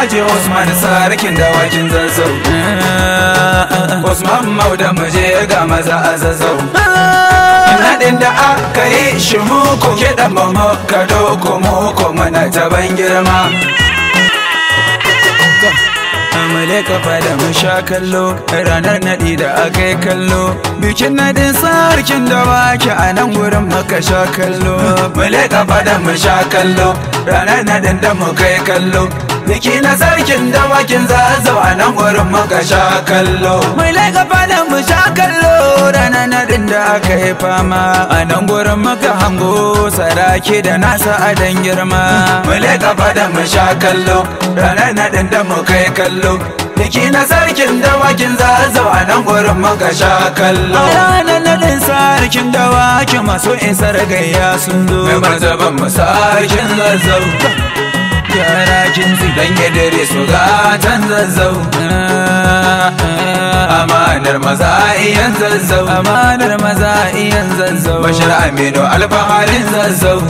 Alhaji Usman sarikin dawakin zazzau eh, Usman mauda muje ga maza a zazzau eh. Naɗin da aka yi shi muku kiɗan mu muka doko ko mana ta ban girma amale ka fada mu sha kallo ranar naɗi da aka yi kallo bikin naɗin sarkin da wake a nan wurin muka sha kallo mule ka fada mu sha kallo ranar naɗin da muka yi kallo Niki na sarkin dawakin za a nan gurin muka sha kallo mai laika fadan mu sha kallo ranar ɗin da aka yi fama a nan gurin muka hango saraki da nasa dan girma mai laika fadan mu sha kallo ranar ɗin da muka yi kallo Niki na sarkin dawakin za a nan gurin muka sha kallo. A ranar nadin sarkin dawakin masu isar gayya sun zo. Mai mazaban mu sarkin zazzau. Yarakin zidan ya dare su gatan zazzau Amanar maza iyan zazzau Amanar maza iyan zazzau Bashir Aminu alfaharin zazzau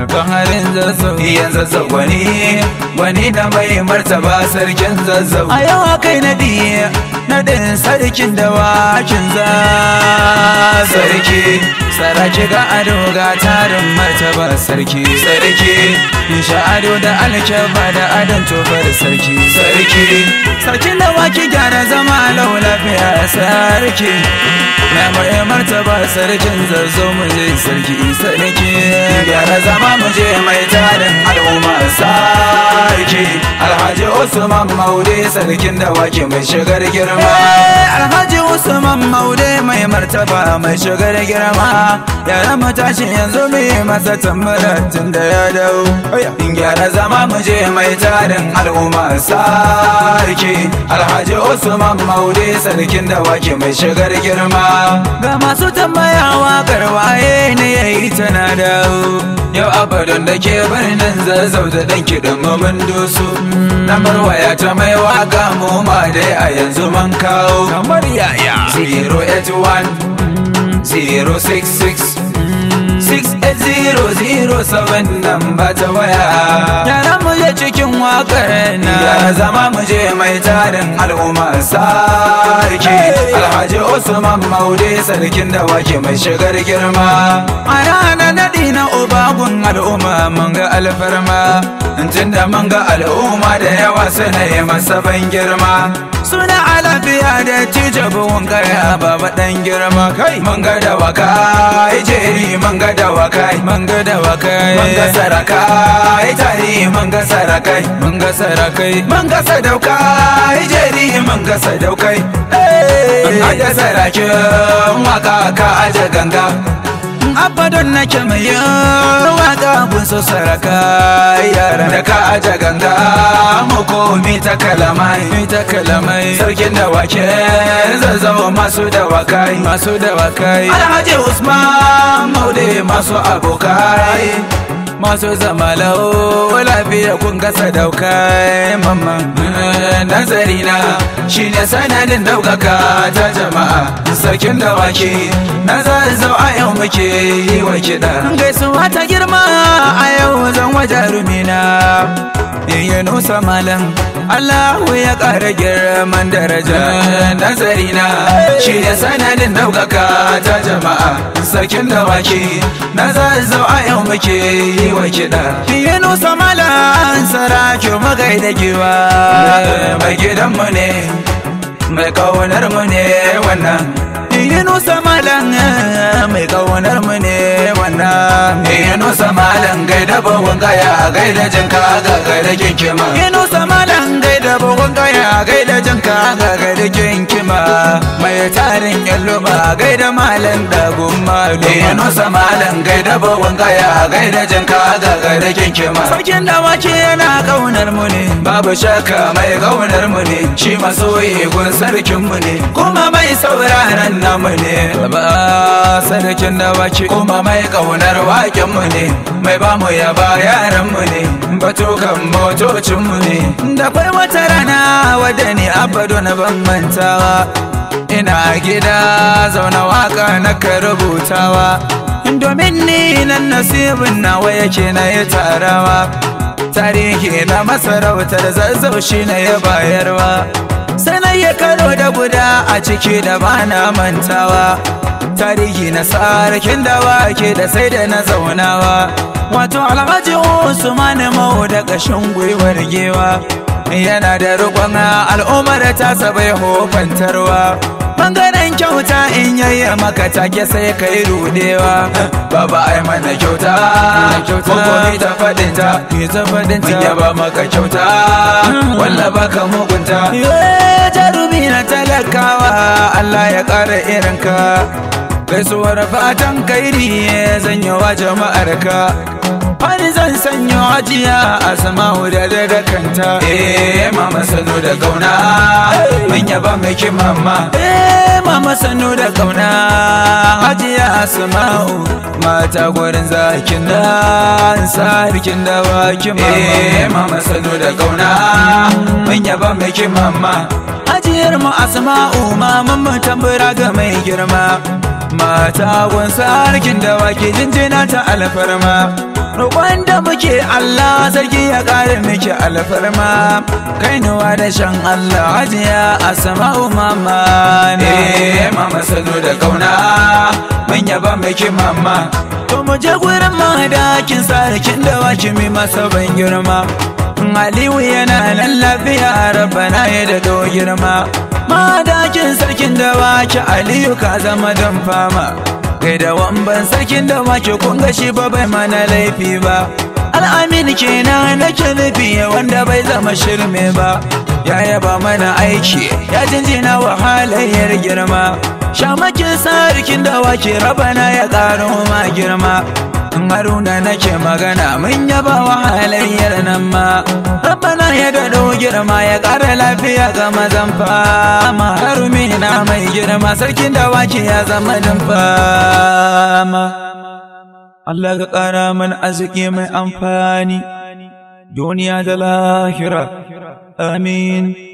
Alfaharin zazzau Iyan zazzau wani wani na mai martaba sarkin zazzau A yawa kai na diya naɗin sarkin dawakin zazzau sarki Sara ga ado ga tarin martaba sarki sarki sha ado da alkyaba da adon tofar sarki sarki sarki da waki gyara zama laula lafiya sarki na mai martaba sarkin zazzo mu je sarki sarki gyara zama mu je mai tarin al'umma sarki Alhaji Usman Maude sarkin wake mai shigar girma eh, Alhaji Usman Maude mai martaba mai shigar girma Yaran matashi yanzu mai masa tambara tun da ya dawo. In gyara zama mu je mai tarin al'umma sarki Alhaji Usman Maude sarkin wake mai shigar girma Ga masu tambayawa waƙar ne ya yi tana dawo. Yau abadon da ke birnin zazzau da ɗan da maman doso mm. Namar waya ta mai waka mu ma dai a yanzu man kawo. Kamar yaya. 081 066 0807 namba ta waya. Yana mu cikin wakar na. Ya zama mu mai tarin al'umma sarki. Alhaji Usman Maude sarkin da wake mai shigar girma. A al'umma mun ga alfarma tunda mun ga al'umma da yawa suna yi masa ban girma suna alafiya da cije kai a baba dan girma kai mun ga da waka jeri mun ga da waka mun ga da waka eh. mun ga saraka tari mun ga sarakai eh. mun ga saraka eh. mun ga sadauka jeri mun ga sadaukai eh da sarakin waka ka aje ganga abadon nake mai yawa da abun so saraka yara da ka aja ganga mako mi ta kalamai mi ta kalamai sarkin da wake zazzawa masu da wakai masu da wakai alhaji usman maude masu abokai masu zama lau lafiya kun gasa dauka eh, mamman eh, nazari na shi ne sananin daukaka ta jama'a Sakin dawaki na zai zau a yau muke yi wa kiɗa gaisuwa ta girma a yau zan waje rumina in yi nusa malam Allahu ya ƙara girman daraja nazari na shi ne sananin daukaka ta jama'a Sakin dawaki na zai zau a yau muke yi wa kiɗa Piyano samala an sarake magai da giwa Mai gidanmu ne mai kaunar mu ne wannan Piyano samalan mai kaunar mu ne wannan Piyano samalan gaida bawon gaya gaida jinka ga gaida kinkima Piyano samalan gaida bawon gaya gaida jinka ka gari jinki kima mai tarin Gai gaida malam eh, ya malu malam? Gai gaida bawan gaya gaida jin ka gari jinki ma sarkin dawaki yana kaunar mu ne babu shakka mai kaunar shi masoyi gun sarkinmu ne kuma mai sauraron namu ne ba sarkin da baki kuma mai kaunar wakenmu ne mai ba mu yaba yaranmu ne batukan motocinmu ne da kwai wata rana wadda ne abadu na ban mantawa ina gida zauna waka na ka rubutawa domin ni nan nasibin nawa yake na yi tarawa tarihi na masarautar zazzau shi na ya bayarwa ya karo da guda a ciki da bana mantawa tarihi na sarkin da ke da sai da na zaunawa wato alhaji usman mau da ƙashin gwiwar gewa yana da rukun al'ummar ta sabai hofantarwa bangaren kyauta in yayi maka take sai kai rudewa baba ai mana kyauta ko komi ta fadin ta ki ta fadin ta mun yaba maka kyauta hmm. walla baka mugunta jarumi na talakawa Allah ya kara irinka gaisuwar fatan kairi eh, zan yi wa jama'arka sanyo ajiya a sama da da kanta eh mama sanu da kauna mun yaba miki mama eh mama sanu da kauna ajiya a sama mata gurin zakin da sarkin da baki mama eh mama sanu da kauna mun yaba miki mama ajiyar mu asma'u mama mun tambura ga mai girma mata gun sarkin da wake jinjina ta alfarma roƙon da muke Allah sarki ya ƙare miki alfarma kainuwa da shan Allah hajiya a sama mama ne eh, mama sanu da kauna mun yaba miki mama to mu je gurin mahadakin Sarkin da waki mai masa ban girma Aliyu yana nan lafiya rabana ya da do girma madakin sarkin da waki Aliyu ka zama dan fama kai da wamban sarkin da ke kun shi ba bai mana laifi ba al'amin kenan nake nufi wanda bai zama shirme ba ya yaba mana aiki ya jinjina wa halayyar girma shamakin sarkin da wake rabana ya karo ma girma in haruna nake magana mun yaba wa halayyar nan ma rabbana ya gado girma ya ƙara lafiya ga mazan fama harumi mai girma sarkin wake ya zama fama Allah ka ƙara mana arziki mai amfani duniya da lahira amin